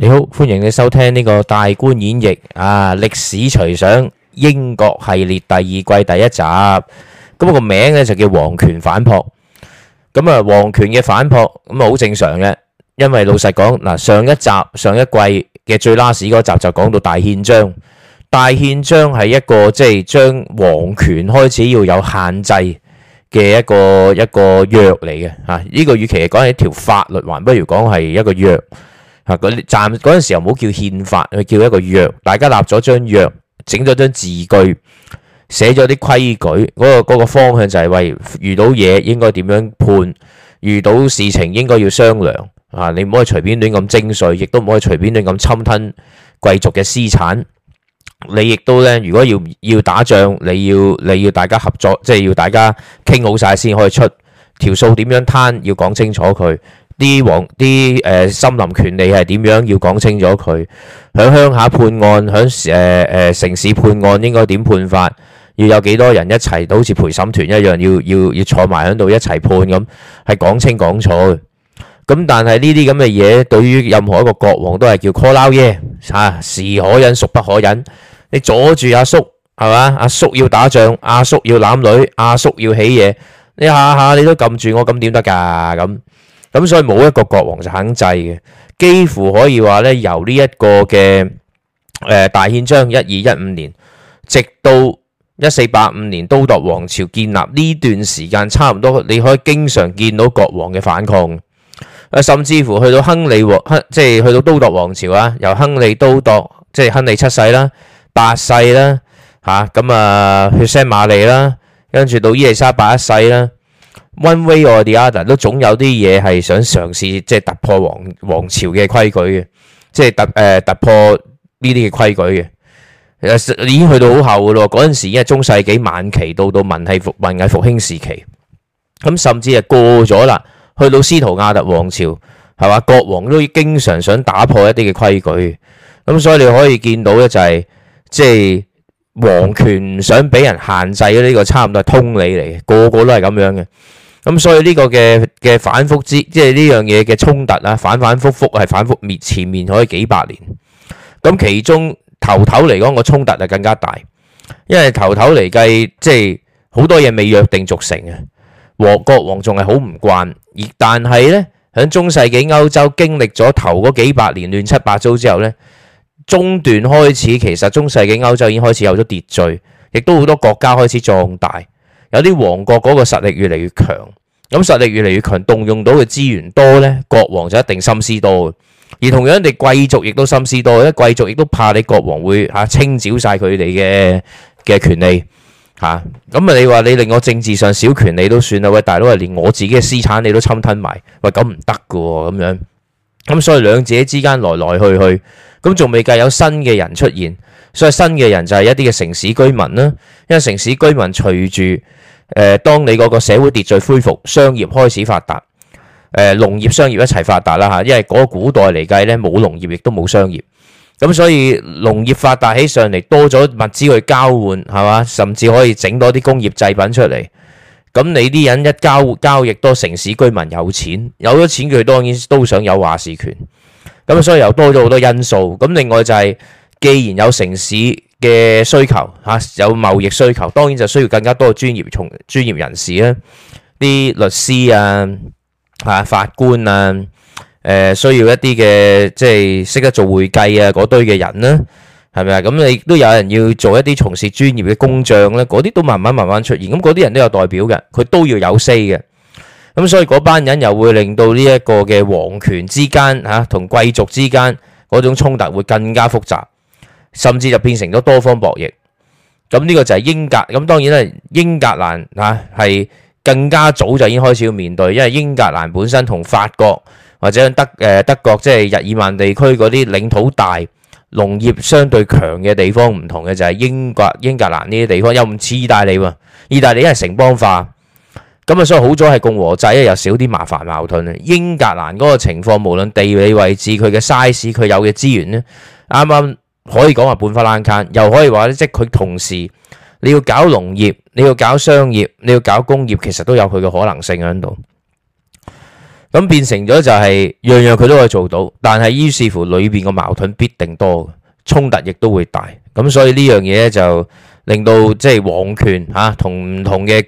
你好，歡迎你收聽呢個大觀演繹啊歷史隨想英國系列第二季第一集，咁、這個名咧就叫王權反撲，咁啊王權嘅反撲，咁啊好正常嘅，因為老實講嗱，上一集上一季嘅最 last 嗰集就講到大憲章，大憲章係一個即係將王權開始要有限制嘅一個一個約嚟嘅吓，呢、啊這個與其講係一條法律，還不如講係一個約。嗱，嗰啲暫嗰陣時唔好叫憲法，叫一個約，大家立咗張約，整咗張字據，寫咗啲規矩，嗰個嗰個方向就係為遇到嘢應該點樣判，遇到事情應該要商量。啊，你唔可以隨便亂咁徵稅，亦都唔可以隨便亂咁侵吞貴族嘅私產。你亦都咧，如果要要打仗，你要你要大家合作，即係要大家傾好晒先可以出條數，點樣攤要講清楚佢。啲王啲誒森林權利係點樣，要講清楚佢。喺鄉下判案，喺誒誒城市判案，應該點判法，要有幾多人一齊，都好似陪審團一樣，要要要坐埋喺度一齊判，咁係講清講楚嘅咁。但係呢啲咁嘅嘢對於任何一個國王都係叫 call 撈嘢嚇，是可忍孰不可忍？你阻住阿叔係嘛？阿叔要打仗，阿叔要攬女，阿叔要起嘢，你下下你都撳住我，咁點得㗎咁？咁所以冇一個國王就肯制嘅，幾乎可以話咧由呢一個嘅誒大憲章一二一五年，直到一四八五年都鐸王朝建立呢段時間，差唔多你可以經常見到國王嘅反抗，誒甚至乎去到亨利王，即係去到都鐸王朝啊，由亨利都鐸即係亨利七世啦、八世啦吓，咁啊、嗯、血色瑪利啦，跟住到伊麗莎白一世啦。One Way or the Other 都總有啲嘢係想嘗試，即係突破皇皇朝嘅規矩嘅，即係突誒、呃、突破呢啲嘅規矩嘅。其實已經去到好後嘅咯，嗰陣時已經係中世紀晚期到到文藝復文藝復興時期，咁甚至係過咗啦，去到斯圖亞特王朝係嘛？國王都經常想打破一啲嘅規矩，咁所以你可以見到咧、就係，就係即係皇權唔想俾人限制呢、呢個差唔多係通理嚟嘅，個個都係咁樣嘅。咁、嗯、所以呢個嘅嘅反覆之，即係呢樣嘢嘅衝突啦，反反复覆係反覆滅前面可以幾百年。咁其中頭頭嚟講個衝突就更加大，因為頭頭嚟計，即係好多嘢未約定俗成啊，和國王仲係好唔慣。而但係呢，喺中世紀歐洲經歷咗頭嗰幾百年亂七八糟之後呢，中段開始其實中世紀歐洲已經開始有咗秩序，亦都好多國家開始壯大。有啲王國嗰個實力越嚟越強，咁實力越嚟越強，動用到嘅資源多呢，國王就一定心思多。而同樣地，貴族亦都心思多，因為貴族亦都怕你國王會嚇清剿晒佢哋嘅嘅權利嚇。咁啊，你話你令我政治上少權利都算啦。喂，大佬啊，連我自己嘅私產你都侵吞埋，喂咁唔得噶喎咁樣。咁所以兩者之間來來去去，咁仲未計有新嘅人出現，所以新嘅人就係一啲嘅城市居民啦。因為城市居民隨住誒，當你嗰個社會秩序恢復，商業開始發達，誒，農業、商業一齊發達啦吓，因為嗰個古代嚟計呢，冇農業亦都冇商業，咁所以農業發達起上嚟，多咗物資去交換，係嘛，甚至可以整多啲工業製品出嚟，咁你啲人一交交易多，城市居民有錢，有咗錢佢當然都想有話事權，咁所以又多咗好多因素，咁另外就係、是、既然有城市。嘅需求嚇有貿易需求，當然就需要更加多專業從專業人士啦，啲律師啊嚇法官啊，誒需要一啲嘅即係識得做會計啊嗰堆嘅人啦，係咪啊？咁你都有人要做一啲從事專業嘅工匠咧，嗰啲都慢慢慢慢出現，咁嗰啲人都有代表嘅，佢都要有 say 嘅，咁所以嗰班人又會令到呢一個嘅王權之間嚇同貴族之間嗰種衝突會更加複雜。甚至就變成咗多方博弈，咁呢個就係英格咁，當然咧，英格蘭啊係更加早就已經開始要面對，因為英格蘭本身同法國或者德誒德國即係、就是、日耳曼地區嗰啲領土大、農業相對強嘅地方唔同嘅就係、是、英國、英格蘭呢啲地方又唔似意大利喎，意大利因為城邦化，咁啊所以好彩係共和制因咧，又少啲麻煩矛盾。英格蘭嗰個情況，無論地理位置、佢嘅 size、佢有嘅資源呢。啱啱。可以講話半花冷 can，又可以話咧，即係佢同時你要搞農業，你要搞商業，你要搞工業，其實都有佢嘅可能性喺度。咁變成咗就係樣樣佢都可以做到，但係於是乎裏邊嘅矛盾必定多，衝突亦都會大。咁所以呢樣嘢就令到即係王權嚇同唔同嘅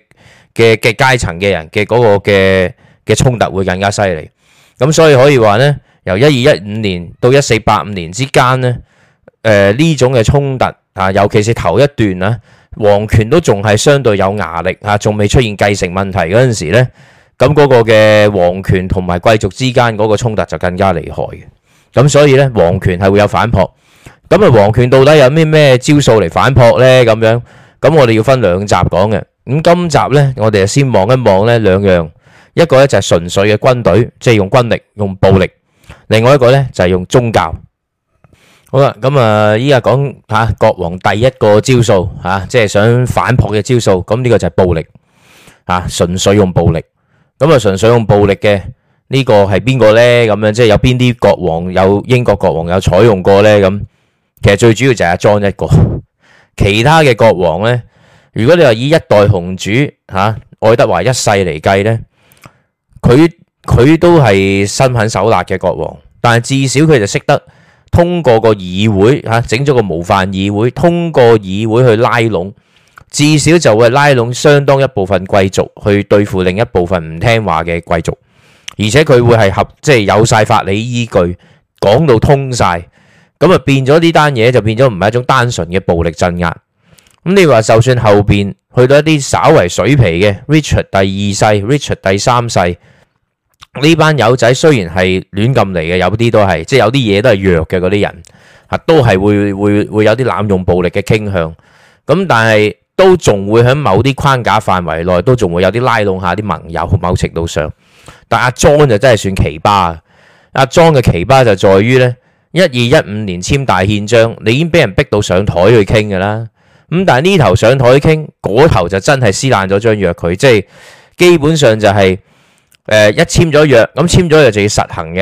嘅嘅階層嘅人嘅嗰個嘅嘅衝突會更加犀利。咁所以可以話咧，由一二一五年到一四八五年之間咧。誒，呢種嘅衝突啊，尤其是頭一段啦，王權都仲係相對有壓力啊，仲未出現繼承問題嗰陣時咧，咁嗰個嘅王權同埋貴族之間嗰個衝突就更加厲害嘅。咁所以咧，王權係會有反撲。咁啊，王權到底有咩咩招數嚟反撲咧？咁樣，咁我哋要分兩集講嘅。咁今集咧，我哋啊先望一望咧兩樣，一個咧就係純粹嘅軍隊，即係用軍力、用暴力，另外一個咧就係用宗教。好啦，咁啊，依家講吓國王第一個招數吓、啊，即係想反撲嘅招數。咁呢個就係暴力吓，純、啊、粹用暴力。咁啊，純粹用暴力嘅呢、這個係邊個呢？咁、啊、樣即係有邊啲國王有英國國王有採用過呢？咁、啊、其實最主要就係阿莊一個，其他嘅國王呢，如果你話以一代雄主吓、啊、愛德華一世嚟計呢，佢佢都係心狠手辣嘅國王，但係至少佢就識得。通過個議會吓，整咗個模範議會，通過議會去拉攏，至少就會拉攏相當一部分貴族去對付另一部分唔聽話嘅貴族，而且佢會係合，即係有晒法理依據，講到通晒，咁啊變咗呢單嘢就變咗唔係一種單純嘅暴力鎮壓。咁你話就算後邊去到一啲稍為水皮嘅 Richard 第二世，Richard 第三世，呢班友仔雖然係亂咁嚟嘅，有啲都係，即係有啲嘢都係弱嘅嗰啲人，吓都係會會會有啲濫用暴力嘅傾向。咁但係都仲會喺某啲框架範圍內，都仲會有啲拉攏下啲盟友。某程度上，但阿莊就真係算奇葩。阿莊嘅奇葩就在於呢：一二一五年簽大憲章，你已經俾人逼到上台去傾嘅啦。咁但係呢頭上台去傾，嗰頭就真係撕爛咗張約佢，即係基本上就係、是。誒、呃，一簽咗約，咁簽咗約就要實行嘅，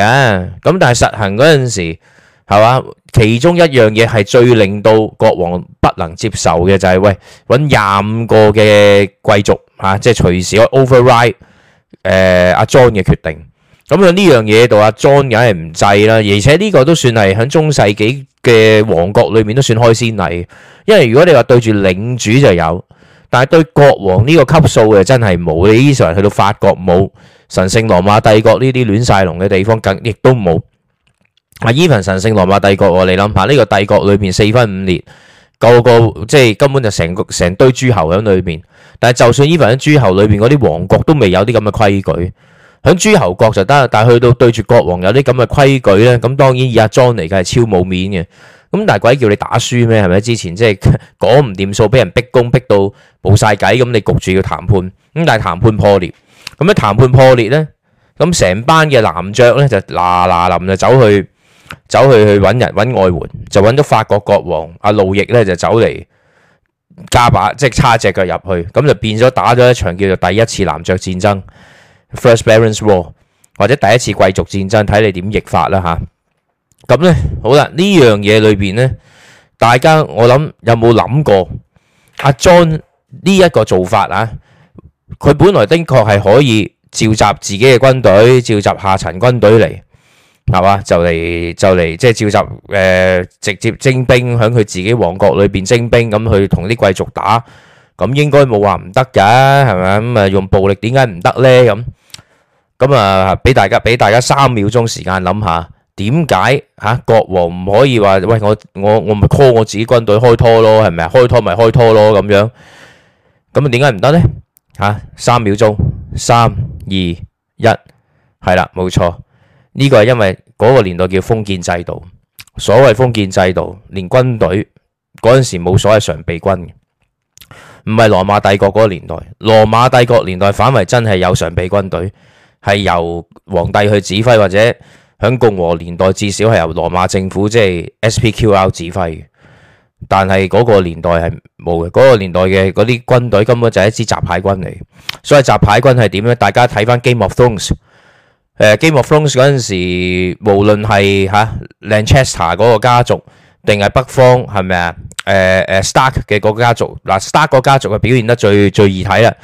咁但係實行嗰陣時，係嘛？其中一樣嘢係最令到國王不能接受嘅，就係、是、喂，搵廿五個嘅貴族吓、啊，即係隨時可以 override 誒、呃、阿 John 嘅決定。咁啊呢樣嘢，對阿 John 梗係唔制啦。而且呢個都算係喺中世紀嘅王國裏面都算開先例，因為如果你話對住領主就有。但係對國王呢個級數嘅真係冇，你通常去到法國冇神聖羅馬帝國呢啲亂晒龍嘅地方，更亦都冇。啊，even 神聖羅馬帝國，你諗下呢個帝國裏邊四分五裂，個個即係根本就成個成堆諸侯喺裏邊。但係就算 even 喺諸侯裏邊嗰啲王國都未有啲咁嘅規矩，喺諸侯國就得，但係去到對住國王有啲咁嘅規矩咧，咁當然以阿 John 嚟嘅係超冇面嘅。咁但係鬼叫你打輸咩？係咪之前即係講唔掂數，俾人逼攻逼到冇晒計，咁你焗住要談判。咁但係談判破裂，咁一談判破裂咧，咁成班嘅男爵咧就嗱嗱臨就走去走去去揾人揾外援，就揾咗法國國王阿路易咧就走嚟加把，即係叉隻腳入去，咁就變咗打咗一場叫做第一次男爵戰爭 （First Baron’s War） 或者第一次貴族戰爭，睇你點譯法啦吓。咁咧，好啦，呢樣嘢裏邊咧，大家我諗有冇諗過阿 John 呢一個做法啊？佢本來的確係可以召集自己嘅軍隊，召集下層軍隊嚟，係嘛，就嚟就嚟即係召集誒、呃，直接徵兵，響佢自己王國裏邊徵兵，咁去同啲貴族打，咁應該冇話唔得嘅，係咪咁啊？用暴力點解唔得咧？咁咁啊，俾大家俾大家三秒鐘時間諗下。點解吓，國王唔可以話，喂，我我我咪 call 我自己軍隊開拖咯，係咪啊？開拖咪開拖咯，咁樣，咁啊點解唔得呢？吓、啊、三秒鐘，三二一，係啦，冇錯。呢個係因為嗰個年代叫封建制度，所謂封建制度，連軍隊嗰陣時冇所謂常備軍，唔係羅馬帝國嗰個年代，羅馬帝國年代反為真係有常備軍隊，係由皇帝去指揮或者。喺共和年代，至少係由羅馬政府即係、就是、SPQR 指揮，但係嗰個年代係冇嘅。嗰、那個年代嘅嗰啲軍隊根本就係一支雜牌軍嚟，所以雜牌軍係點咧？大家睇翻、啊《Game of Thrones》誒，《Game of Thrones》嗰陣時，無論係吓 Lancaster 嗰個家族，定係北方係咪啊？誒、啊、誒，Stark 嘅嗰個家族，嗱、啊、Stark 個家族係表現得最最易睇啦。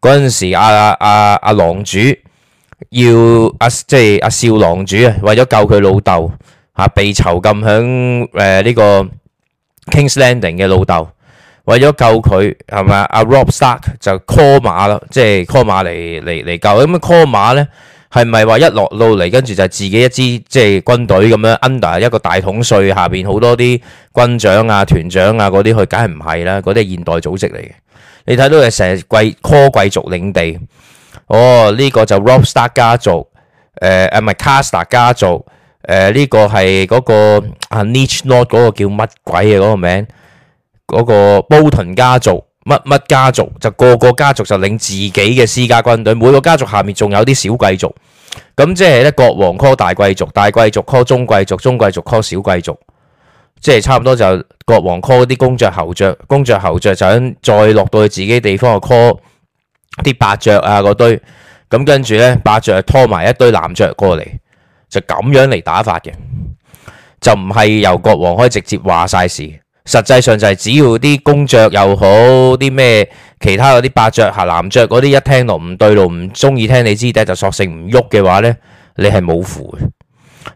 嗰陣時阿阿阿狼主。要阿、啊、即係阿、啊、少狼主啊，為咗救佢老豆，吓被囚禁響誒呢個 King's Landing 嘅老豆，為咗救佢係咪啊？阿 Rob Stark 就 call 馬咯，即係 call 馬嚟嚟嚟救。咁、啊、call 馬咧係咪話一落路嚟，跟住就自己一支即係軍隊咁樣 under 一個大統帥下邊好多啲軍長啊、團長啊嗰啲佢梗係唔係啦。嗰啲係現代組織嚟嘅。你睇到佢成日貴 call 貴族領地。哦，呢、這個就 Rob Stark 家族，誒、呃，唔、啊、係 Casta 家族，誒、呃，呢、這個係嗰、那個啊，Niche Nord 嗰個叫乜鬼嘅嗰個名，嗰個 Bolton 家族，乜乜家族，就個個家族就領自己嘅私家軍隊，每個家族下面仲有啲小貴族，咁即係咧國王 call 大貴族，大貴族 call 中貴族，中貴族 call 小貴族，即係差唔多就國王 call 啲公爵侯爵，公爵侯爵就咁再落到去自己地方嘅 call。啲伯爵啊，嗰、那個、堆咁，跟住咧，伯爵拖埋一堆男爵過嚟，就咁樣嚟打法嘅，就唔係由國王可以直接話晒事。實際上就係只要啲公爵又好，啲咩其他嗰啲伯爵嚇男爵嗰啲一聽落唔對路，唔中意聽你知底，就索性唔喐嘅話咧，你係冇符嘅，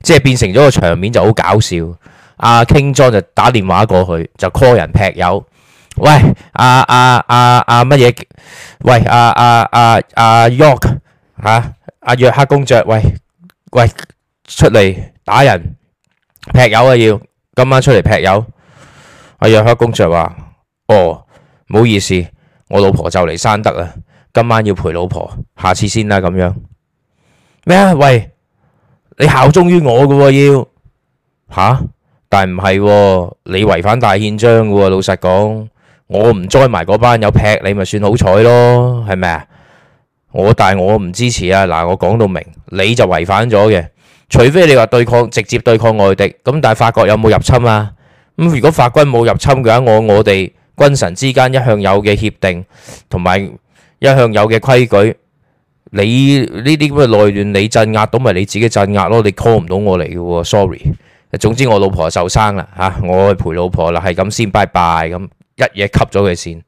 即係變成咗個場面就好搞笑。阿 King John 就打電話過去就 call 人劈友。喂，阿阿阿阿乜嘢？喂，阿阿阿阿約克吓，阿約克公爵，喂喂，出嚟打人，劈友啊要，今晚出嚟劈友。阿約克公爵話：，哦，唔好意思，我老婆就嚟生得啦，今晚要陪老婆，下次先啦咁樣。咩啊？喂，你效忠於我噶要吓，但係唔係，你違反大憲章噶，老實講。我唔栽埋嗰班有劈你，咪算好彩咯，係咪啊？我但係我唔支持啊。嗱，我講到明，你就違反咗嘅。除非你話對抗直接對抗外敵咁，但係法國有冇入侵啊？咁如果法軍冇入侵嘅話，我我哋軍神之間一向有嘅協定，同埋一向有嘅規矩，你呢啲咁嘅內亂，你鎮壓到咪你自己鎮壓咯？你 call 唔到我嚟嘅，sorry。總之我老婆受傷啦，吓我去陪老婆啦，係咁先，拜拜咁。一嘢吸咗佢先，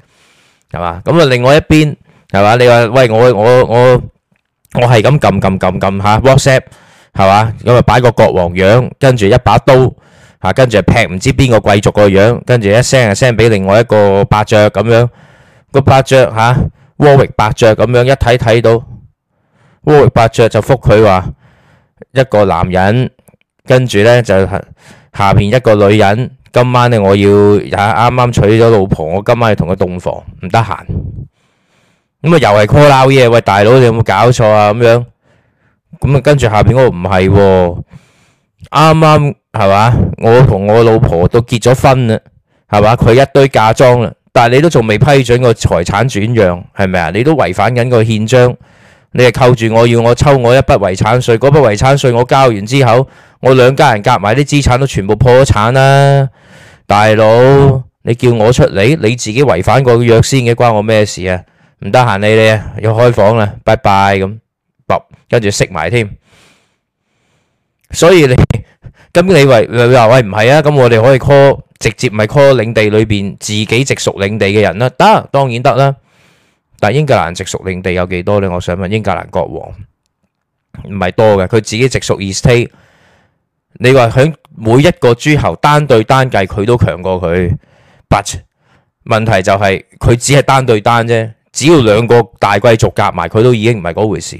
係嘛？咁啊，另外一邊係嘛？你話喂，我我我我係咁撳撳撳撳吓 WhatsApp，係嘛？咁啊，擺個國王樣，跟住一把刀吓，跟、啊、住劈唔知邊個貴族個樣，跟住一聲一聲俾另外一個伯爵咁樣，個伯爵吓，沃域伯爵咁樣一睇睇到沃域伯爵就覆佢話一個男人，跟住咧就下下邊一個女人。今晚咧，我要啊啱啱娶咗老婆，我今晚要同佢洞房，唔得閒。咁啊，又係 call 撈嘢，喂，大佬，你有冇搞錯？啊？咁樣咁啊，跟住下邊嗰個唔係喎，啱啱係嘛？我同我老婆都結咗婚啦，係嘛？佢一堆嫁妝啦，但係你都仲未批准個財產轉讓，係咪啊？你都違反緊個憲章，你係扣住我要我抽我一筆遺產稅，嗰筆遺產稅我交完之後，我兩家人夾埋啲資產都全部破產啦。大佬，你叫我出嚟，你自己違反個約先嘅，關我咩事啊？唔得閒理你啊，要開房啦，拜拜咁，唔跟住熄埋添。所以你咁你話話喂唔係啊？咁我哋可以 call 直接咪 call 領地裏邊自己直屬領地嘅人啦。得，當然得啦。但英格蘭直屬領地有幾多咧？我想問英格蘭國王唔係多嘅，佢自己直屬 estate。你話響每一個諸侯單對單計，佢都強過佢，but 問題就係、是、佢只係單對單啫。只要兩個大貴族夾埋，佢都已經唔係嗰回事。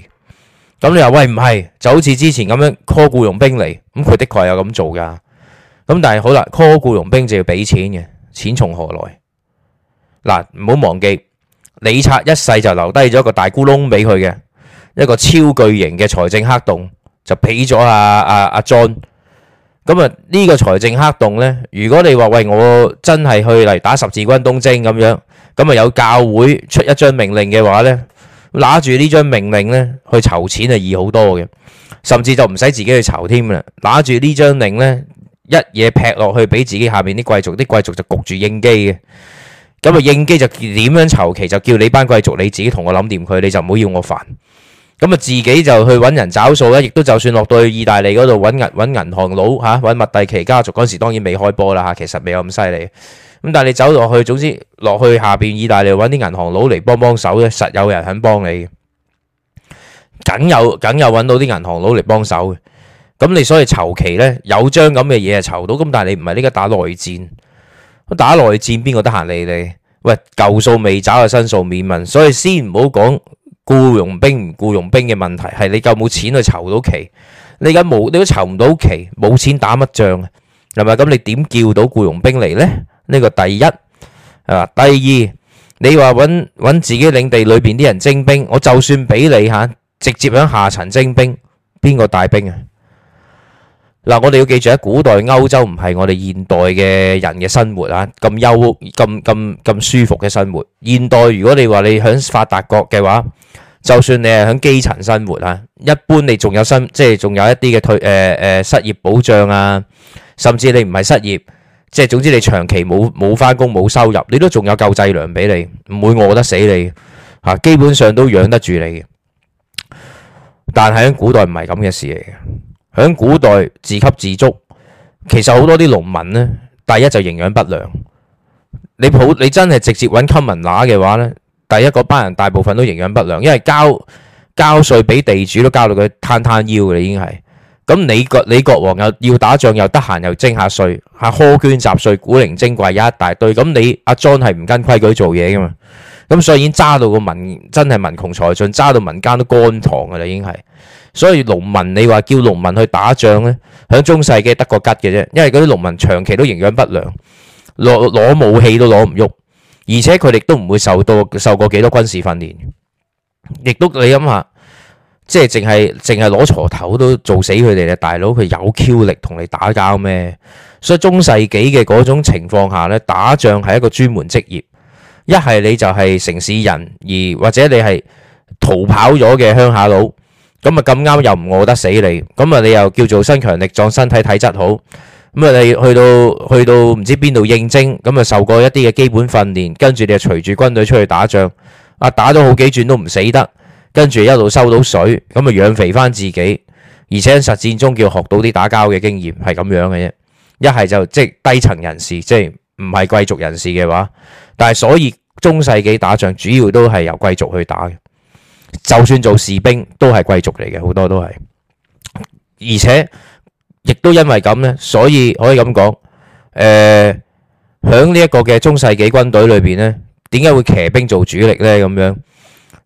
咁、嗯、你話喂，唔係就好似之前咁樣 call 僱傭兵嚟，咁佢的確係有咁做噶。咁但係好啦，call 僱傭兵就要俾錢嘅，錢從何來？嗱，唔好忘記李察一世就留低咗一個大咕窿俾佢嘅，一個超巨型嘅財政黑洞就俾咗阿阿阿 John。咁啊，呢個財政黑洞呢，如果你話喂我真係去嚟打十字軍東征咁樣，咁啊有教會出一張命令嘅話呢，拿住呢張命令呢，去籌錢係易好多嘅，甚至就唔使自己去籌添啦，拿住呢張令呢，一嘢劈落去俾自己下面啲貴族，啲貴族就焗住應機嘅，咁啊應機就點樣籌期就叫你班貴族你自己同我諗掂佢，你就唔好要，要我煩。咁啊，自己就去揾人找數咧，亦都就算落到去意大利嗰度揾銀搵銀行佬吓，搵麥蒂奇家族嗰時當然未開波啦吓，其實未有咁犀利。咁但係你走落去，總之落去下邊意大利揾啲銀行佬嚟幫幫手咧，實有人肯幫你，梗有梗有揾到啲銀行佬嚟幫手嘅。咁你所以籌期呢？有張咁嘅嘢係籌到，咁但係你唔係呢家打內戰，打內戰邊個得閒理你？喂，舊數未找啊，新數免問。所以先唔好講。僱傭兵唔僱傭兵嘅問題係你夠冇錢去籌到期，你而家冇，你都籌唔到期，冇錢打乜仗啊？係咪咁？你點叫到僱傭兵嚟呢？呢個第一、啊、第二，你話揾搵自己領地裏邊啲人徵兵，我就算俾你吓、啊，直接喺下層徵兵，邊個帶兵啊？嗱、啊，我哋要記住喺古代歐洲唔係我哋現代嘅人嘅生活啊，咁優咁咁咁舒服嘅生活。現代如果你話你響發達國嘅話，就算你係喺基層生活嚇，一般你仲有薪，即係仲有一啲嘅退，誒、呃、誒、呃、失業保障啊，甚至你唔係失業，即係總之你長期冇冇翻工冇收入，你都仲有救濟糧俾你，唔會餓得死你嚇，基本上都養得住你嘅。但係喺古代唔係咁嘅事嚟嘅，喺古代自給自足，其實好多啲農民咧，第一就營養不良，你普你真係直接揾村民拿嘅話咧。第一嗰班人大部分都營養不良，因為交交稅俾地主都交到佢攤攤腰嘅啦，已經係。咁你國你國王又要打仗，又得閒又徵下稅，嚇，苛捐雜稅古靈精怪有一大堆。咁你阿 John 係唔跟規矩做嘢嘅嘛？咁所以已經揸到個民真係民窮財盡，揸到民間都乾塘嘅啦，已經係。所以農民你話叫農民去打仗咧，喺中世紀得個吉嘅啫，因為嗰啲農民長期都營養不良，攞攞武器都攞唔喐。而且佢哋都唔會受到受過幾多軍事訓練，亦都你諗下，即係淨係淨係攞鋤頭都做死佢哋嘞，大佬，佢有 Q 力同你打交咩？所以中世紀嘅嗰種情況下咧，打仗係一個專門職業，一係你就係城市人，而或者你係逃跑咗嘅鄉下佬，咁啊咁啱又唔餓得死你，咁啊你又叫做身強力壯，身體體質好。咁啊，你去到去到唔知邊度應徵，咁啊受過一啲嘅基本訓練，跟住你就隨住軍隊出去打仗，啊打咗好幾轉都唔死得，跟住一路收到水，咁啊養肥翻自己，而且喺實戰中叫學到啲打交嘅經驗，係咁樣嘅啫。一係就即係低層人士，即係唔係貴族人士嘅話，但係所以中世紀打仗主要都係由貴族去打嘅，就算做士兵都係貴族嚟嘅，好多都係，而且。亦都因為咁咧，所以可以咁講，誒，喺呢一個嘅中世紀軍隊裏邊咧，點解會騎兵做主力咧？咁樣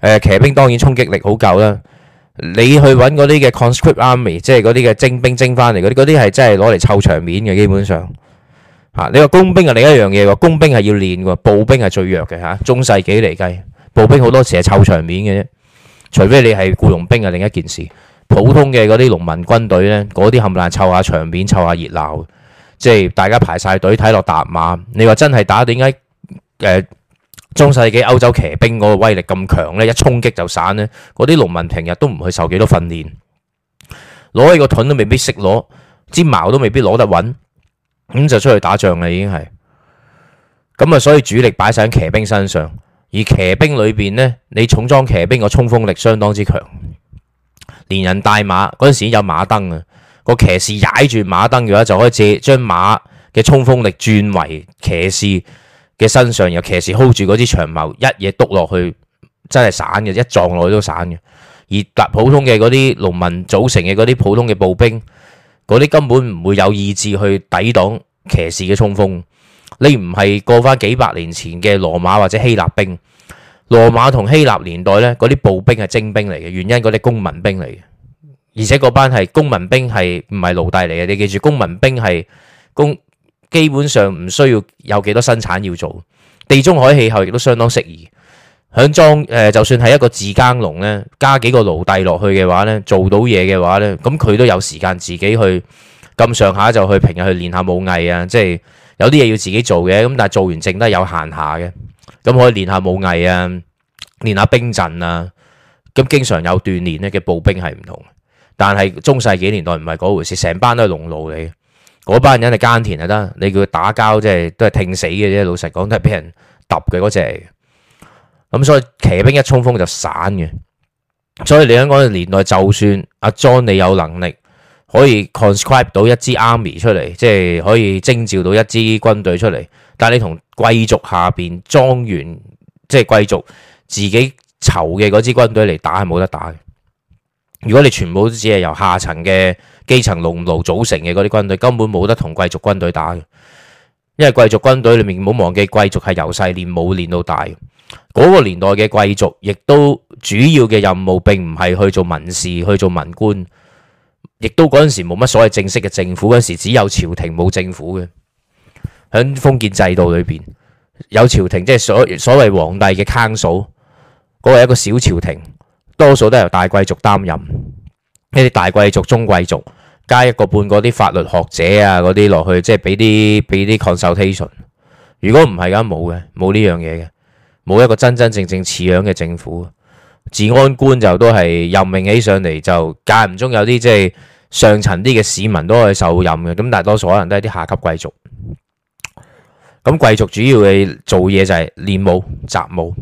誒，騎兵當然衝擊力好夠啦。你去揾嗰啲嘅 conscript army，即係嗰啲嘅徵兵徵翻嚟嗰啲，嗰啲係真係攞嚟湊場面嘅，基本上嚇。你話工兵係另一樣嘢喎，工兵係要練喎，步兵係最弱嘅嚇。中世紀嚟計，步兵好多時係湊場面嘅啫，除非你係僱傭兵係另一件事。普通嘅嗰啲農民軍隊呢，嗰啲冚唪唥湊下場面，湊下熱鬧，即係大家排晒隊睇落搭馬。你話真係打點解？誒、呃，中世紀歐洲騎兵嗰個威力咁強呢，一衝擊就散。呢嗰啲農民平日都唔去受幾多訓練，攞起個盾都未必識攞，支矛都未必攞得穩，咁、嗯、就出去打仗啦已經係。咁啊，所以主力擺晒喺騎兵身上，而騎兵裏邊呢，你重裝騎兵個衝鋒力相當之強。連人帶馬嗰陣時有馬燈啊，個騎士踩住馬燈嘅話，就可以借將馬嘅衝鋒力轉為騎士嘅身上，然後騎士 hold 住嗰支長矛，一嘢篤落去真係散嘅，一撞落去都散嘅。而搭普通嘅嗰啲農民組成嘅嗰啲普通嘅步兵，嗰啲根本唔會有意志去抵擋騎士嘅衝鋒。你唔係過翻幾百年前嘅羅馬或者希臘兵。羅馬同希臘年代咧，嗰啲步兵係精兵嚟嘅，原因嗰啲公民兵嚟嘅，而且嗰班係公民兵係唔係奴隸嚟嘅，你記住公民兵係公基本上唔需要有幾多生產要做，地中海氣候亦都相當適宜，響莊誒、呃、就算係一個自耕農咧，加幾個奴隸落去嘅話咧，做到嘢嘅話咧，咁佢都有時間自己去咁上下就去平日去練下武藝啊，即係有啲嘢要自己做嘅，咁但係做完剩都係有限下嘅。咁可以練下武藝啊，練下兵陣啊，咁經常有鍛煉咧嘅步兵係唔同，但係中世紀年代唔係嗰回事，成班都係農奴嚟，嗰班人係耕田就得，你叫佢打交即係都係聽死嘅啫，老實講都係俾人揼嘅嗰隻，咁所以騎兵一衝鋒就散嘅，所以你喺嗰個年代就算阿 John 你有能力可以 conscribe 到一支 army 出嚟，即係可以徵召到一支軍隊出嚟，但係你同。貴族下邊莊園，即係貴族自己籌嘅嗰支軍隊嚟打係冇得打嘅。如果你全部都只係由下層嘅基層農奴組成嘅嗰啲軍隊，根本冇得同貴族軍隊打嘅。因為貴族軍隊裏面，唔好忘記貴族係由細練武練到大。嗰個年代嘅貴族，亦都主要嘅任務並唔係去做民事、去做文官，亦都嗰陣時冇乜所謂正式嘅政府。嗰陣時只有朝廷冇政府嘅。喺封建制度裏邊，有朝廷，即係所所謂皇帝嘅坑數，嗰、嗰個一個小朝廷，多數都由大貴族擔任，呢啲大貴族、中貴族加一個半個啲法律學者啊，嗰啲落去，即係俾啲俾啲 consultation。如果唔係，咁冇嘅，冇呢樣嘢嘅，冇一個真真正正似樣嘅政府。治安官就都係任命起上嚟，就間唔中有啲即係上層啲嘅市民都可以受任嘅，咁大多數可能都係啲下級貴族。咁貴族主要嘅做嘢就係練武、習武，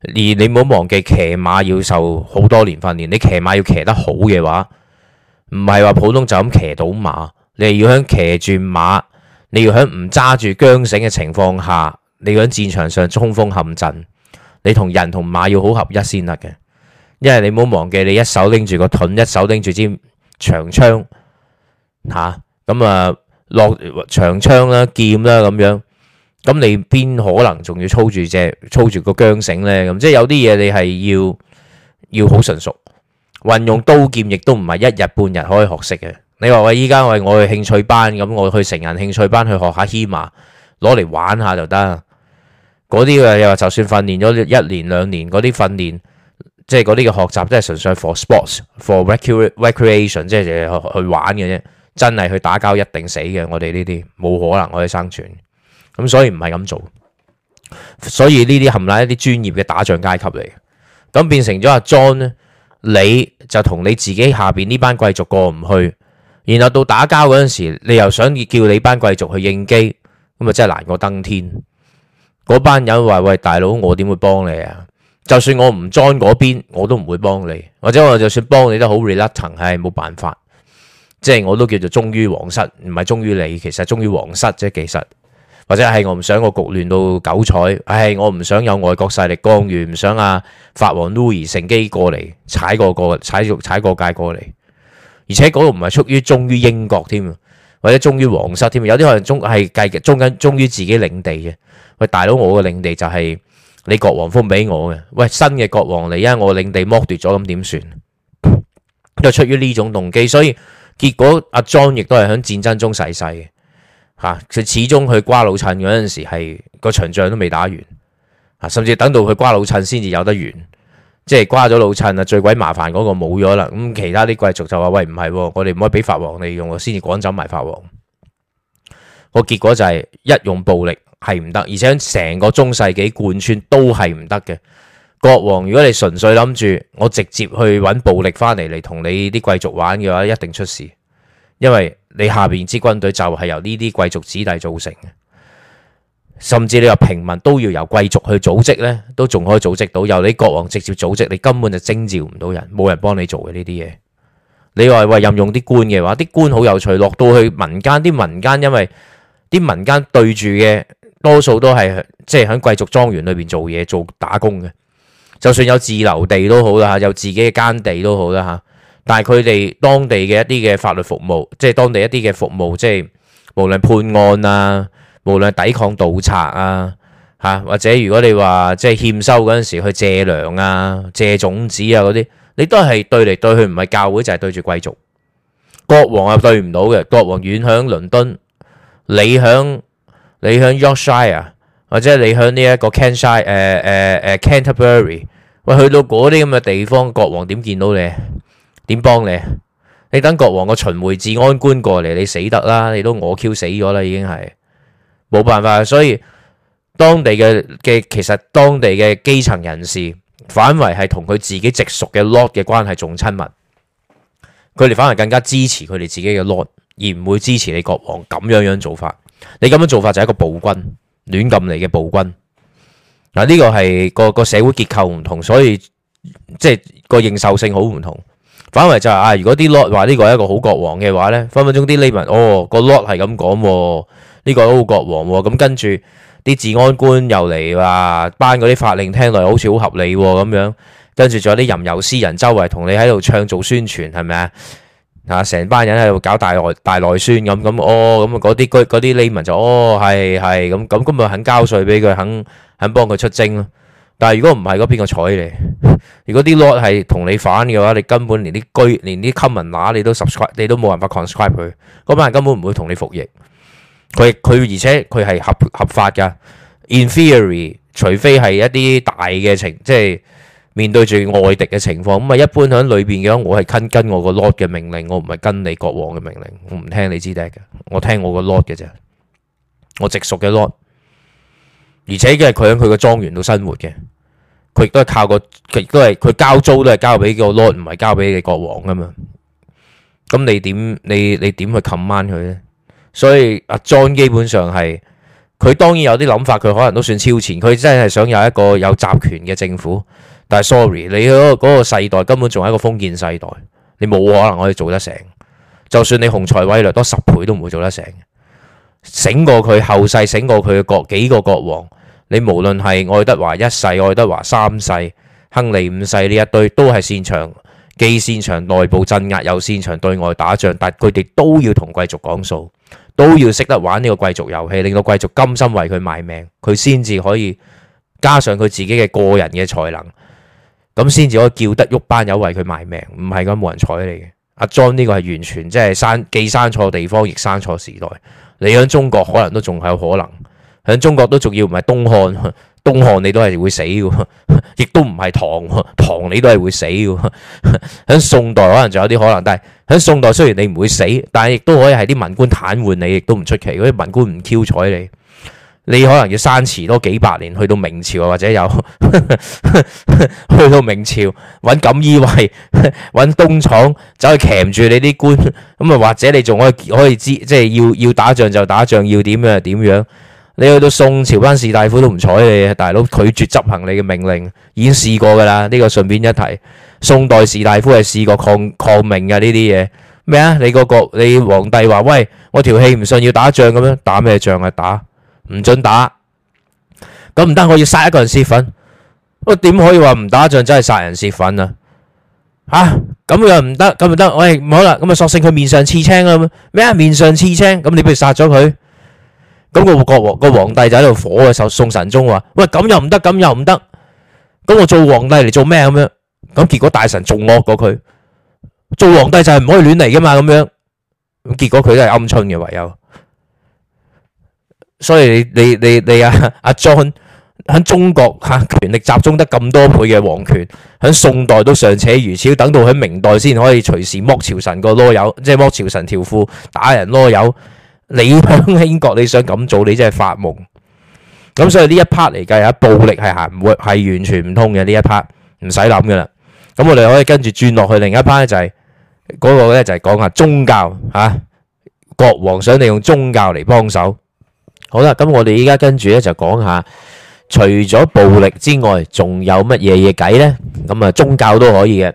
而你唔好忘記騎馬要受好多年訓練。你騎馬要騎得好嘅話，唔係話普通就咁騎到馬，你要響騎住馬，你要響唔揸住繮繩嘅情況下，你要響戰場上衝鋒陷陣，你同人同馬要好合一先得嘅。因為你唔好忘記，你一手拎住個盾，一手拎住支長槍，吓咁啊！落長槍啦、劍啦咁樣，咁你邊可能仲要操住隻操住個韁繩呢？咁即係有啲嘢你係要要好純熟，運用刀劍亦都唔係一日半日可以學識嘅。你話喂，依家我我去興趣班咁，我去成人興趣班去學下 HEMA，攞嚟玩下就得。嗰啲嘅又話就算訓練咗一年兩年，嗰啲訓練即係嗰啲嘅學習都係純粹 for sports for recre recreation，即係去玩嘅啫。真係去打交一定死嘅，我哋呢啲冇可能可以生存，咁所以唔係咁做，所以呢啲冚 𠰤 一啲專業嘅打仗階級嚟嘅，咁變成咗阿 John 咧，你就同你自己下邊呢班貴族過唔去，然後到打交嗰陣時，你又想叫你班貴族去應機，咁啊真係難過登天，嗰班人話喂，大佬，我點會幫你啊？就算我唔 join 嗰邊，我都唔會幫你，或者我就算幫你都好 reluctant，係冇辦法。即係我都叫做忠於皇室，唔係忠於你。其實忠於皇室啫。其實或者係我唔想個局亂到九彩，唉，我唔想有外國勢力干預，唔想阿法王 Louis 乘機過嚟踩過過踩足踩過界過嚟。而且嗰度唔係出於忠於英國添，或者忠於皇室添。有啲可能忠係計忠緊忠於自己領地嘅，喂，大佬，我嘅領地就係你國王封俾我嘅，喂，新嘅國王嚟，因為我領地剝奪咗，咁點算？就出於呢種動機，所以。結果阿莊亦都係喺戰爭中逝世嘅吓，佢始終去瓜老襯嗰陣時係個場仗都未打完啊，甚至等到佢瓜老襯先至有得完，即係瓜咗老襯啊，最鬼麻煩嗰個冇咗啦。咁其他啲貴族就話喂唔係，哦，我哋唔可以俾法王利用啊，先至趕走埋法王。個結果就係，是，一用暴力係唔得，而且成個中世紀貫穿都係唔得嘅。國王，如果你純粹諗住我直接去搵暴力翻嚟嚟同你啲貴族玩嘅話，一定出事，因為你下邊支軍隊就係由呢啲貴族子弟組成嘅，甚至你話平民都要由貴族去組織呢，都仲可以組織到。由你國王直接組織，你根本就徵召唔到人，冇人幫你做嘅呢啲嘢。你話喂任用啲官嘅話，啲官好有趣，落到去民間，啲民間因為啲民間對住嘅多數都係即係喺貴族莊園裏邊做嘢做打工嘅。就算有自留地都好啦，吓有自己嘅耕地都好啦，吓但係佢哋當地嘅一啲嘅法律服務，即係當地一啲嘅服務，即係無論判案啊，無論抵抗盜賊啊，吓或者如果你話即係欠收嗰陣時去借糧啊、借種子啊嗰啲，你都係對嚟對去，唔係教會就係、是、對住貴族，國王啊對唔到嘅，國王遠響倫敦，你響你響 Yorkshire。或者你喺呢一個 Canter、呃、誒誒、呃、誒、呃、Canterbury，喂，去到嗰啲咁嘅地方，國王點見到你？點幫你？你等國王個巡迴治安官過嚟，你死得啦！你都我 Q 死咗啦，已經係冇辦法。所以當地嘅嘅，其實當地嘅基層人士反為係同佢自己直屬嘅 Lord 嘅關係仲親密，佢哋反而更加支持佢哋自己嘅 Lord，而唔會支持你國王咁樣樣做法。你咁樣做法就係一個暴君。亂撳嚟嘅暴君嗱，呢、啊這個係個個社會結構唔同，所以即係個認受性好唔同。反為就係、是、啊，如果啲 Lord 話呢個係一個好國王嘅話呢分分鐘啲黎民哦、那個 Lord 係咁講呢個好國王咁、啊嗯，跟住啲治安官又嚟話頒嗰啲法令，聽落好似好合理咁、啊、樣，跟住仲有啲吟遊詩人周圍同你喺度唱做宣傳，係咪啊？嚇！成班人喺度搞大內大內宣咁，咁哦，咁啊嗰啲嗰嗰啲僆民就哦係係咁咁咁啊肯交稅俾佢，肯肯幫佢出征咯。但係如果唔係，嗰邊個睬你？如果啲 law 係同你反嘅話，你根本連啲居連啲居民乸你都 subscribe，你都冇辦法 conscribe 佢。嗰班人根本唔會同你服役。佢佢而且佢係合合法噶。In theory，除非係一啲大嘅情，即係。面對住外敵嘅情況，咁啊，一般喺裏邊嘅我係跟跟我個 Lord 嘅命令，我唔係跟你國王嘅命令，我唔聽你知得嘅，我聽我個 Lord 嘅啫。我直屬嘅 Lord，而且嘅佢喺佢個莊園度生活嘅，佢亦都係靠個，亦都係佢交租都係交俾個 Lord，唔係交俾你國王㗎嘛。咁你點你你點去冚翻佢咧？所以阿 John 基本上係佢當然有啲諗法，佢可能都算超前，佢真係想有一個有集權嘅政府。S 但 sorry 你嗰個世代根本仲係一個封建世代，你冇可能可以做得成。就算你雄才偉略多十倍都唔會做得成。醒過佢後世，醒過佢嘅國幾個國王，你無論係愛德華一世、愛德華三世、亨利五世呢一堆，都係擅長既擅長內部鎮壓，又擅長對外打仗。但佢哋都要同貴族講數，都要識得玩呢個貴族遊戲，令到貴族甘心為佢賣命，佢先至可以加上佢自己嘅個人嘅才能。咁先至可以叫得喐班友為佢賣命，唔係咁冇人睬你嘅。阿 John 呢個係完全即係生既，生錯地方，亦生錯時代。你響中國可能都仲有可能，響中國都仲要唔係東漢，東漢你都係會死，亦都唔係唐，唐你都係會死。響 宋代可能仲有啲可能，但係響宋代雖然你唔會死，但係亦都可以係啲文官癱瘓你，亦都唔出奇。嗰啲文官唔 Q 睬你。你可能要生遲多幾百年，去到明朝啊，或者有 去到明朝揾錦衣衞揾東廠走去騎住你啲官咁啊，或者你仲可以可以知即係要要打仗就打仗，要點樣就點樣。你去到宋朝，朝班士大夫都唔睬你大佬，拒絕執行你嘅命令已經試過㗎啦。呢、呢個順便一提，宋代士大夫係試過抗抗命嘅呢啲嘢咩啊？你個國你皇帝話喂，我條氣唔信要打仗咁樣打咩仗啊？打！唔准打，咁唔得，我要殺一個人泄憤。我點可以話唔打仗真係殺人泄憤啊？吓，咁又唔得，咁又唔得，我哋唔好啦。咁啊，索性佢面上刺青啊？咩啊？面上刺青，咁你不如殺咗佢。咁個國王個皇帝就喺度火嘅時候，宋神宗話：喂，咁又唔得，咁又唔得。咁我做皇帝嚟做咩咁樣？咁結果大臣仲惡過佢，做皇帝就係唔可以亂嚟噶嘛？咁樣咁結果佢都係鵪鶉嘅，唯有。所以你你你你阿阿 John 喺中國吓、啊、權力集中得咁多倍嘅皇權，喺宋代都尚且如此，等到喺明代先可以隨時剝朝臣個囉柚，即係剝朝臣條褲打人囉柚。你響英國你想咁做，你真係發夢咁。所以呢一 part 嚟計，有暴力係行唔會，係完全唔通嘅呢一 part，唔使諗噶啦。咁我哋可以跟住轉落去另一 part 咧、就是那個，就係嗰個咧就係講下宗教吓、啊，國王想利用宗教嚟幫手。好啦，咁我哋依家跟住咧就講下，除咗暴力之外，仲有乜嘢嘢計咧？咁啊，宗教都可以嘅。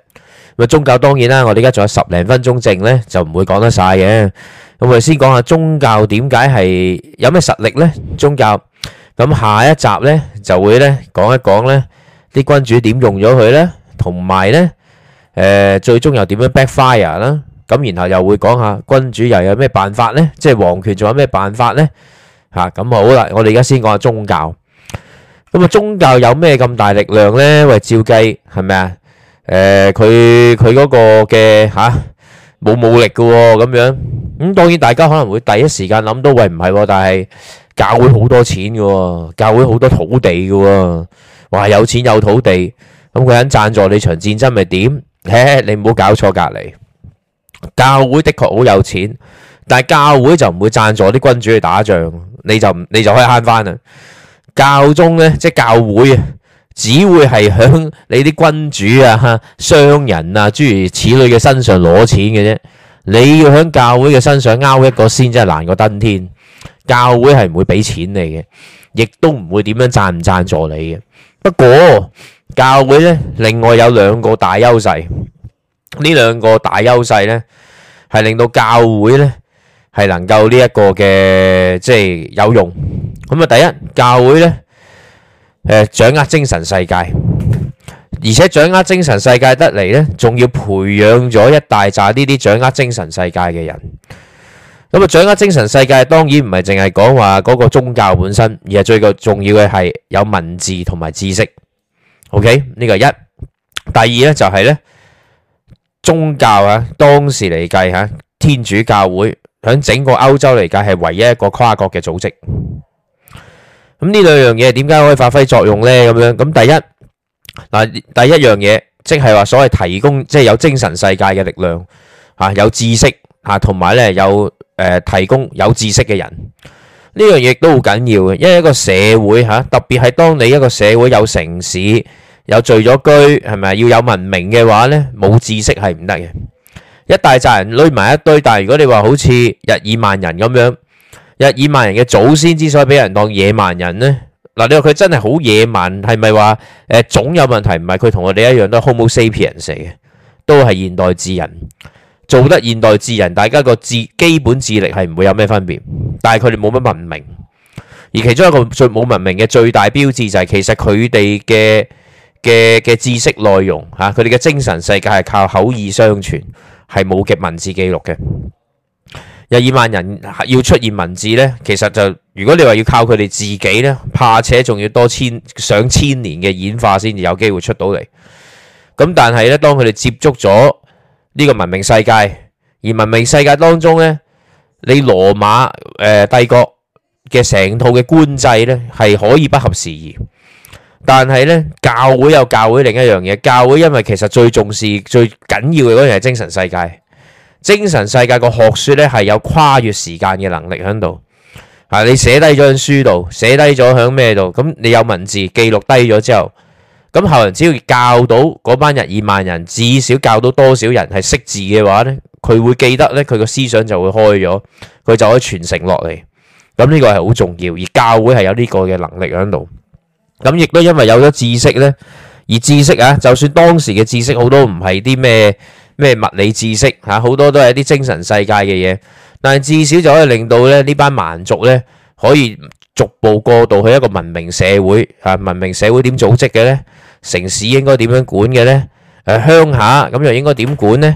咪宗教當然啦，我哋依家仲有十零分鐘剩咧，就唔會講得晒嘅。咁我哋先講下宗教點解係有咩實力咧？宗教咁下一集咧就會咧講一講咧啲君主點用咗佢咧，同埋咧誒最終又點樣 backfire 啦？咁然後又會講下君主又有咩辦法咧？即係皇權仲有咩辦法咧？吓咁啊，好啦，我哋而家先講下宗教。咁啊，宗教有咩咁大力量咧？喂，照計係咪啊？誒，佢佢嗰個嘅吓冇武力嘅喎，咁樣咁當然大家可能會第一時間諗到，喂唔係喎，但係教會好多錢㗎喎，教會好多土地㗎喎，哇有錢有土地咁，佢肯贊助你場戰爭咪點？嘿，你唔好搞錯隔離。教會的確好有錢，但係教會就唔會贊助啲君主去打仗。你就你就可以慳翻啦。教宗咧，即係教會，只會係響你啲君主啊、商人啊諸如此類嘅身上攞錢嘅啫。你要響教會嘅身上勾一個先，真係難過登天。教會係唔會俾錢你嘅，亦都唔會點樣贊唔贊助你嘅。不過教會咧，另外有兩個大優勢，呢兩個大優勢咧，係令到教會咧。係能夠呢一個嘅，即係有用咁啊。第一教會咧，誒，掌握精神世界，而且掌握精神世界得嚟咧，仲要培養咗一大紮呢啲掌握精神世界嘅人。咁啊，掌握精神世界當然唔係淨係講話嗰個宗教本身，而係最重要嘅係有文字同埋知識。OK，呢個一。第二咧就係咧，宗教啊，當時嚟計吓，天主教會。喺整個歐洲嚟講，係唯一一個跨國嘅組織。一大扎人累埋一堆，但係如果你話好似日耳曼人咁樣，日耳曼人嘅祖先之所以俾人當野蠻人呢？嗱，你話佢真係好野蠻，係咪話誒總有問題？唔係佢同我哋一樣都係 Homo sapiens 嚟嘅，都係現代智人做得現代智人，大家個智基本智力係唔會有咩分別，但係佢哋冇乜文明，而其中一個最冇文明嘅最大標誌就係其實佢哋嘅嘅嘅知識內容吓，佢哋嘅精神世界係靠口耳相傳。係冇嘅文字記錄嘅，日耳曼人要出現文字呢，其實就如果你話要靠佢哋自己呢，怕且仲要多千上千年嘅演化先至有機會出到嚟。咁但係呢，當佢哋接觸咗呢個文明世界，而文明世界當中呢，你羅馬誒、呃、帝國嘅成套嘅官制呢，係可以不合時宜。但係咧，教會有教會另一樣嘢。教會因為其實最重視、最緊要嘅嗰樣係精神世界。精神世界個學說咧係有跨越時間嘅能力喺度。啊，你寫低咗喺書度，寫低咗響咩度？咁你有文字記錄低咗之後，咁後人只要教到嗰班日耳曼人，至少教到多少人係識字嘅話咧，佢會記得咧，佢個思想就會開咗，佢就可以傳承落嚟。咁呢個係好重要，而教會係有呢個嘅能力喺度。咁亦都因為有咗知識咧，而知識啊，就算當時嘅知識好多唔係啲咩咩物理知識吓，好多都係一啲精神世界嘅嘢，但係至少就可以令到咧呢班蠻族咧可以逐步過渡去一個文明社會吓。文明社會點組織嘅咧？城市應該點樣管嘅咧？誒，鄉下咁又應該點管咧？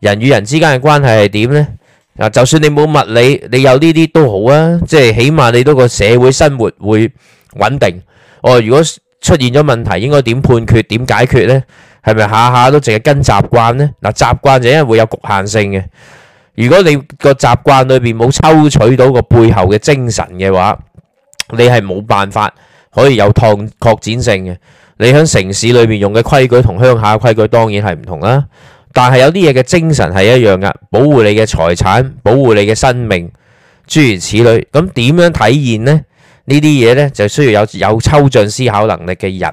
人與人之間嘅關係係點咧？啊，就算你冇物理，你有呢啲都好啊，即係起碼你都個社會生活會穩定。哦，如果出現咗問題，應該點判決、點解決呢？係咪下下都淨係跟習慣呢？嗱，習慣就因為會有局限性嘅。如果你個習慣裏面冇抽取到個背後嘅精神嘅話，你係冇辦法可以有拓拓展性嘅。你喺城市裏面用嘅規矩同鄉下規矩當然係唔同啦，但係有啲嘢嘅精神係一樣噶，保護你嘅財產，保護你嘅生命，諸如此類。咁點樣體現呢？呢啲嘢呢就需要有有抽象思考能力嘅人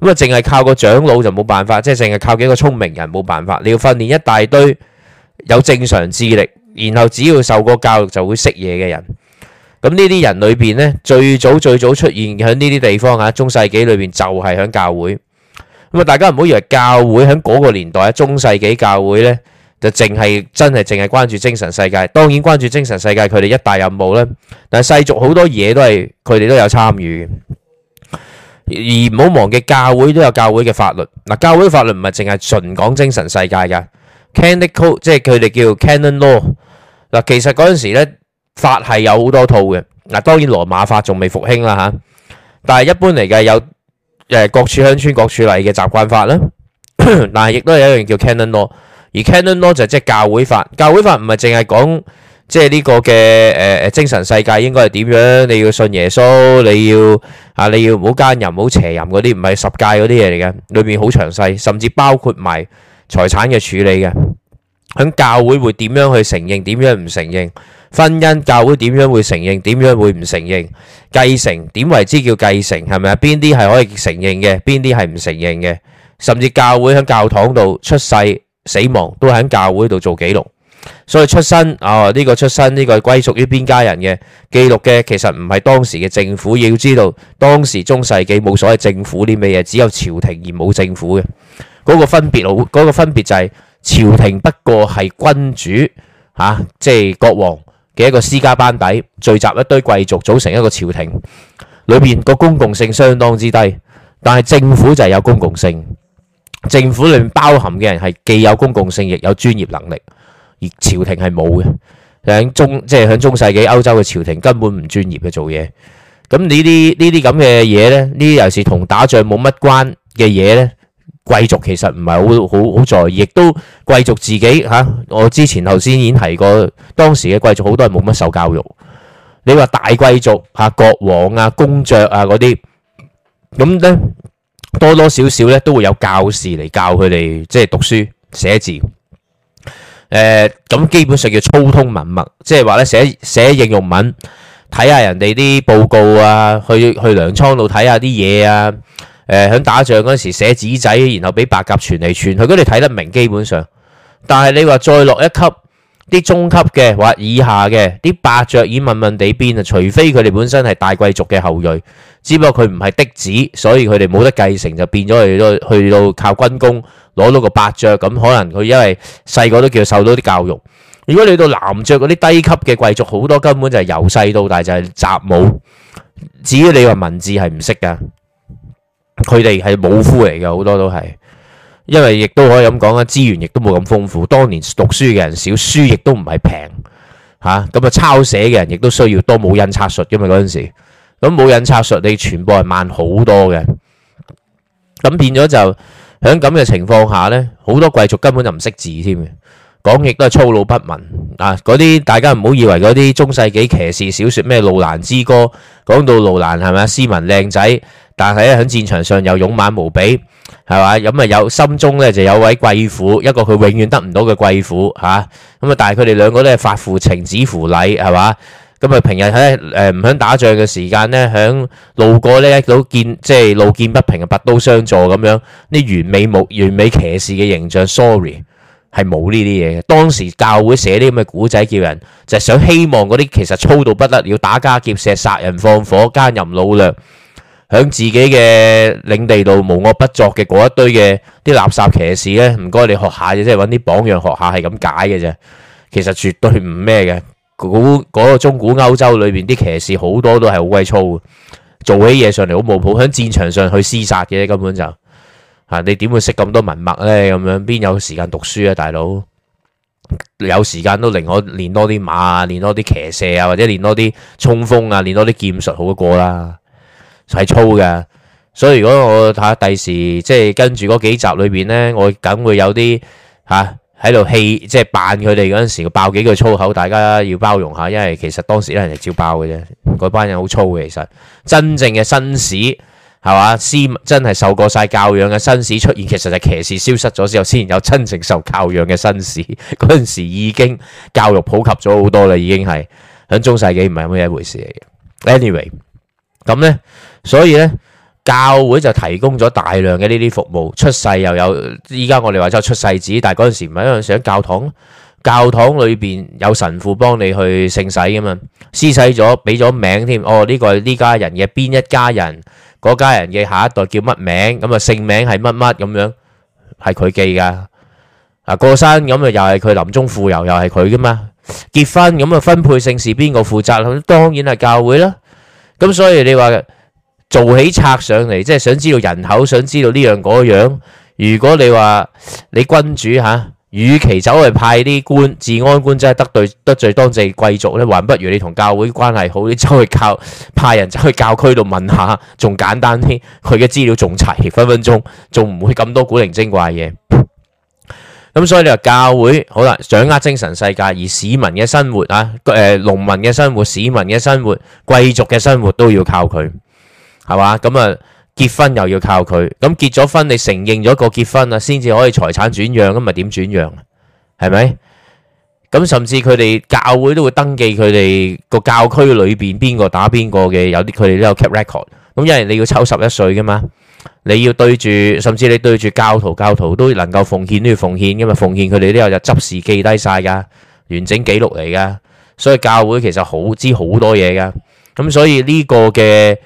咁啊，淨係靠個長老就冇辦法，即係淨係靠幾個聰明人冇辦法。你要訓練一大堆有正常智力，然後只要受過教育就會識嘢嘅人。咁呢啲人裏邊呢，最早最早出現喺呢啲地方吓，中世紀裏邊就係喺教會咁啊、嗯。大家唔好以為教會喺嗰個年代，中世紀教會呢。就淨係真係淨係關注精神世界，當然關注精神世界，佢哋一大任務咧。但世俗好多嘢都係佢哋都有參與嘅，而唔好忘記教會都有教會嘅法律。嗱，教會法律唔係淨係純講精神世界嘅，canonical 即係佢哋叫 canon law。嗱，其實嗰陣時咧，法係有好多套嘅。嗱，當然羅馬法仲未復興啦嚇，但係一般嚟嘅有誒各處鄉村各處例嘅習慣法啦，但係亦都有一樣叫 canon law。而 Canon Law 就即係教會法，教會法唔係淨係講即係呢個嘅誒誒精神世界應該係點樣？你要信耶穌，你要啊，你要唔好奸淫，唔好邪淫嗰啲，唔係十戒嗰啲嘢嚟嘅。裏面好詳細，甚至包括埋財產嘅處理嘅。咁教會會點樣去承認？點樣唔承認？婚姻教會點樣會承認？點樣會唔承認？繼承點為之叫繼承係咪啊？邊啲係可以承認嘅？邊啲係唔承認嘅？甚至教會響教堂度出世。死亡都喺喺教會度做記錄，所以出身啊，呢個出身呢個係歸屬於邊家人嘅記錄嘅，其實唔係當時嘅政府要知道，當時中世紀冇所謂政府啲咩嘢，只有朝廷而冇政府嘅，嗰個分別好，嗰個分別就係朝廷不過係君主吓，即係國王嘅一個私家班底，聚集一堆貴族組成一個朝廷，裏邊個公共性相當之低，但係政府就係有公共性。政府裏面包含嘅人係既有公共性，亦有專業能力，而朝廷係冇嘅。響中即係響中世紀歐洲嘅朝廷根本唔專業去做嘢。咁呢啲呢啲咁嘅嘢呢，呢啲又是同打仗冇乜關嘅嘢呢。貴族其實唔係好好在意，亦都貴族自己嚇、啊。我之前頭先已經提過，當時嘅貴族好多人冇乜受教育。你話大貴族嚇、啊、國王啊、公爵啊嗰啲，咁呢。多多少少咧都會有教士嚟教佢哋即係讀書寫字，誒、呃、咁基本上叫粗通文墨，即係話咧寫寫應用文，睇下人哋啲報告啊，去去糧倉度睇下啲嘢啊，誒、呃、響打仗陣時寫紙仔，然後俾白鴿傳嚟傳去，佢哋睇得明基本上。但係你話再落一級。啲中級嘅或者以下嘅啲伯爵已慢慢地變啊，除非佢哋本身係大貴族嘅後裔，只不過佢唔係嫡子，所以佢哋冇得繼承，就變咗去到去到靠軍功攞到個伯爵，咁可能佢因為細個都叫受到啲教育。如果你到男爵嗰啲低級嘅貴族，好多根本就係由細到大就係習武，至於你話文字係唔識噶，佢哋係武夫嚟嘅，好多都係。因為亦都可以咁講啊，資源亦都冇咁豐富。當年讀書嘅人少，書亦都唔係平吓，咁啊抄寫嘅人亦都需要多，冇印刷術嘅嘛。嗰陣時，咁冇印刷術，你傳播係慢好多嘅。咁變咗就喺咁嘅情況下呢，好多貴族根本就唔識字添嘅，講亦都係粗魯不文啊。嗰啲大家唔好以為嗰啲中世紀騎士小說咩《路蘭之歌》，講到路蘭係咪斯文靚仔，但係咧喺戰場上又勇猛無比。係嘛咁啊有心中咧就有位貴婦，一個佢永遠得唔到嘅貴婦吓咁啊！但係佢哋兩個咧發乎情止乎禮係嘛咁啊！平日喺誒唔響打仗嘅時間咧，響路過咧到見即係、就是、路見不平拔刀相助咁樣啲完美冇完美騎士嘅形象，sorry 係冇呢啲嘢嘅。當時教會寫啲咁嘅古仔，叫人就係、是、想希望嗰啲其實粗到不得了，打家劫舍、殺人放火、奸淫擄掠。喺自己嘅領地度無惡不作嘅嗰一堆嘅啲垃圾騎士咧，唔該你學下嘅，即係揾啲榜樣學下係咁解嘅啫。其實絕對唔咩嘅，嗰、嗰個中古歐洲裏邊啲騎士好多都係好鬼粗嘅，做起嘢上嚟好冇譜，喺戰場上去廝殺嘅根本就吓你點會識咁多文墨咧？咁樣邊有時間讀書啊？大佬有時間都寧可練多啲馬啊，練多啲騎射啊，或者練多啲衝鋒啊，練多啲劍術好過啦。係粗㗎，所以如果我睇下第時，即係跟住嗰幾集裏邊呢，我梗會有啲吓喺度戲，即係扮佢哋嗰陣時爆幾句粗口，大家要包容下，因為其實當時咧人哋照爆嘅啫，嗰班人好粗嘅。其實真正嘅紳士係嘛，先真係受過晒教養嘅紳士出現，其實就騎士消失咗之後，先有真正受教養嘅紳士。嗰 陣時已經教育普及咗好多啦，已經係響中世紀唔係咁嘅一回事嚟嘅。Anyway，咁呢。所以咧，教會就提供咗大量嘅呢啲服務。出世又有，依家我哋話就出世紙，但係嗰陣時唔係一樣，上教堂。教堂裏邊有神父幫你去聖洗㗎嘛。施洗咗，俾咗名添哦。呢個係呢家人嘅邊一家人，嗰家人嘅下一代叫乜名咁啊？聖名係乜乜咁樣，係佢記噶啊。過生咁啊，又係佢臨終傅油，又係佢噶嘛。結婚咁啊，分配聖事邊個負責？當然係教會啦。咁所以你話。做起拆上嚟，即係想知道人口，想知道呢樣嗰樣。如果你話你君主吓、啊，與其走去派啲官治安官，真係得罪得罪當地貴族呢，還不如你同教會關係好，你走去靠派人走去教區度問下，仲簡單啲，佢嘅資料仲齊，分分鐘仲唔會咁多古靈精怪嘢。咁所以你話教會好啦，掌握精神世界，而市民嘅生活啊，誒，農民嘅生活、市民嘅生活、貴族嘅生活都要靠佢。係嘛咁啊？結婚又要靠佢，咁結咗婚，你承認咗個結婚啊，先至可以財產轉讓咁，咪點轉讓啊？係咪咁？甚至佢哋教會都會登記佢哋個教區裏邊邊個打邊個嘅，有啲佢哋都有 keep record。咁因為你要抽十一歲噶嘛，你要對住，甚至你對住教徒，教徒都能夠奉獻都要奉獻噶嘛，奉獻佢哋都有就執事記低晒噶完整記錄嚟噶，所以教會其實好知好多嘢噶。咁所以呢個嘅。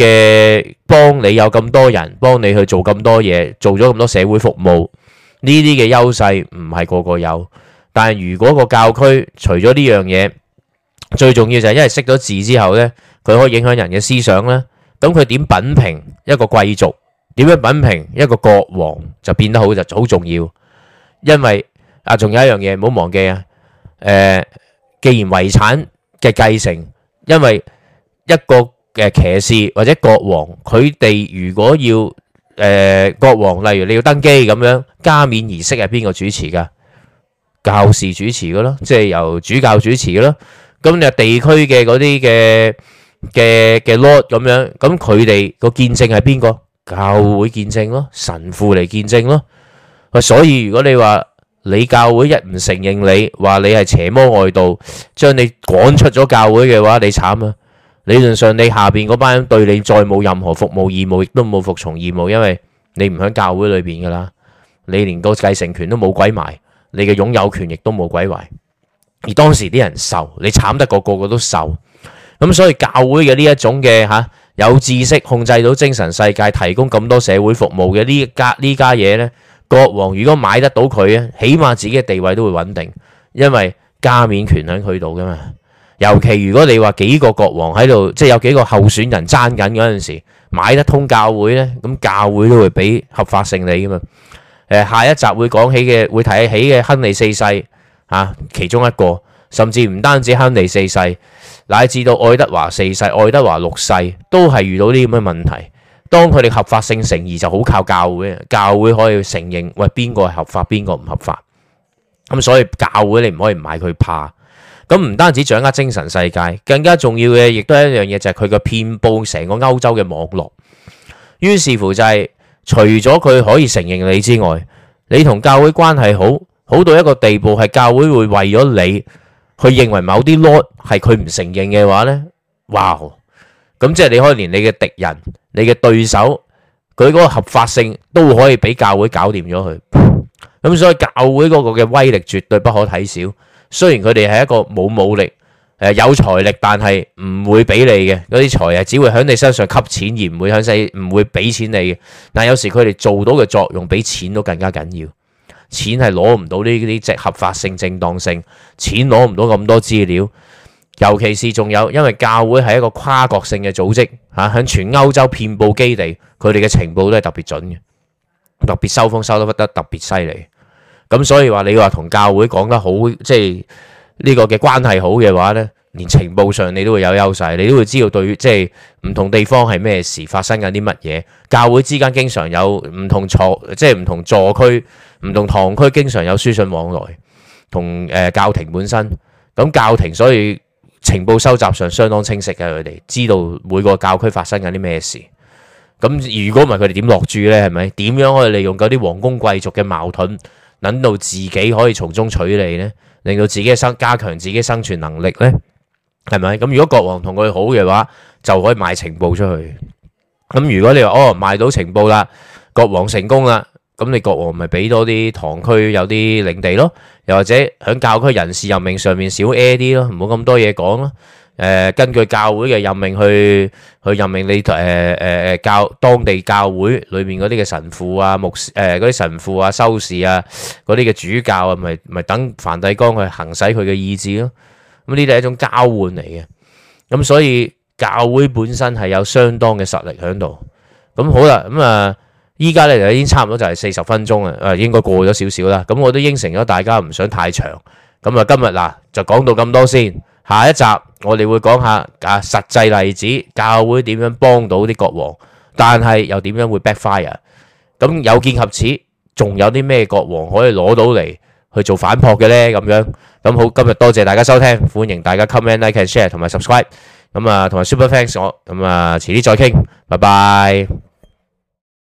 嘅幫你有咁多人，幫你去做咁多嘢，做咗咁多社會服務，呢啲嘅優勢唔係個個有。但係如果個教區除咗呢樣嘢，最重要就係因為識咗字之後呢，佢可以影響人嘅思想啦。咁佢點品評一個貴族，點樣品評一個國王就變得好就好重要。因為啊，仲有一樣嘢唔好忘記啊。誒，既然遺產嘅繼承，因為一個。嘅騎士或者國王，佢哋如果要誒國王，例如你要登基咁樣，加冕儀式係邊個主持噶？教士主持噶咯，即係由主教主持噶咯。咁就地區嘅嗰啲嘅嘅嘅 Lord 咁樣，咁佢哋個見證係邊個？教會見證咯，神父嚟見證咯。所以如果你話你教會一唔承認你，話你係邪魔外道，將你趕出咗教會嘅話，你慘啊！理論上你下邊嗰班人對你再冇任何服務義務，亦都冇服從義務，因為你唔喺教會裏邊噶啦，你連個繼承權都冇鬼埋，你嘅擁有權亦都冇鬼埋。而當時啲人受，你慘得過個個都受，咁所以教會嘅呢一種嘅吓有知識控制到精神世界，提供咁多社會服務嘅呢家呢家嘢咧，國王如果買得到佢啊，起碼自己嘅地位都會穩定，因為加冕權喺佢度噶嘛。尤其如果你話幾個國王喺度，即係有幾個候選人爭緊嗰陣時，買得通教會呢，咁教會都會俾合法性你噶嘛。下一集會講起嘅，會提起嘅亨利四世啊，其中一個，甚至唔單止亨利四世，乃至到愛德華四世、愛德華六世，都係遇到啲咁嘅問題。當佢哋合法性成疑，就好靠教會，教會可以承認喂邊個係合法，邊個唔合法。咁所以教會你唔可以買佢怕。咁唔單止掌握精神世界，更加重要嘅，亦都係一樣嘢，就係佢嘅遍布成個歐洲嘅網絡。於是乎就係、是，除咗佢可以承認你之外，你同教會關係好好到一個地步，係教會會為咗你，去認為某啲 lord 係佢唔承認嘅話呢。哇、哦！咁即係你可以連你嘅敵人、你嘅對手，佢嗰個合法性都可以俾教會搞掂咗佢。咁 所以教會嗰個嘅威力絕對不可睇小。雖然佢哋係一個冇武，武力誒有財力，但係唔會俾你嘅嗰啲財啊，財只會喺你身上吸錢，而唔會向西唔會俾錢你嘅。但有時佢哋做到嘅作用比錢都更加緊要。錢係攞唔到呢啲即合法性、正當性，錢攞唔到咁多資料，尤其是仲有因為教會係一個跨國性嘅組織吓，響全歐洲遍布基地，佢哋嘅情報都係特別準嘅，特別收風收得不得特別犀利。咁所以話你話同教會講得好，即係呢個嘅關係好嘅話呢，連情報上你都會有優勢，你都會知道對，即係唔同地方係咩事發生緊啲乜嘢。教會之間經常有唔同座，即係唔同座區、唔同堂區，經常有書信往來，同誒教廷本身。咁教廷所以情報收集上相當清晰嘅，佢哋知道每個教區發生緊啲咩事。咁如果唔係佢哋點落注呢？係咪點樣可以利用嗰啲王公貴族嘅矛盾？諗到自己可以從中取利呢，令到自己嘅生加強自己生存能力呢係咪？咁如果國王同佢好嘅話，就可以賣情報出去。咁如果你話哦，賣到情報啦，國王成功啦，咁你國王咪俾多啲堂區有啲領地咯，又或者響教區人事任命上面少 a 啲咯，唔好咁多嘢講咯。誒，根據教會嘅任命去去任命你誒誒、呃呃、教當地教會裏面嗰啲嘅神父啊、牧師誒嗰啲神父啊、修士啊、嗰啲嘅主教啊，咪、就、咪、是就是、等梵蒂岡去行使佢嘅意志咯、啊。咁呢啲係一種交換嚟嘅。咁、嗯、所以教會本身係有相當嘅實力喺度。咁、嗯、好啦，咁、嗯、啊，依家咧就已經差唔多就係四十分鐘啊、呃，應該過咗少少啦。咁、嗯、我都應承咗大家唔想太長。咁、嗯、啊，今日嗱、呃、就講到咁多先。先下一集我哋會講下啊實際例子，教會點樣幫到啲國王，但係又點樣會 backfire？咁有見及此，仲有啲咩國王可以攞到嚟去做反撲嘅呢？咁樣咁好，今日多謝大家收聽，歡迎大家 comment、like、share 同埋 subscribe。咁啊，同埋 super thanks 我。咁啊，遲啲再傾，拜拜。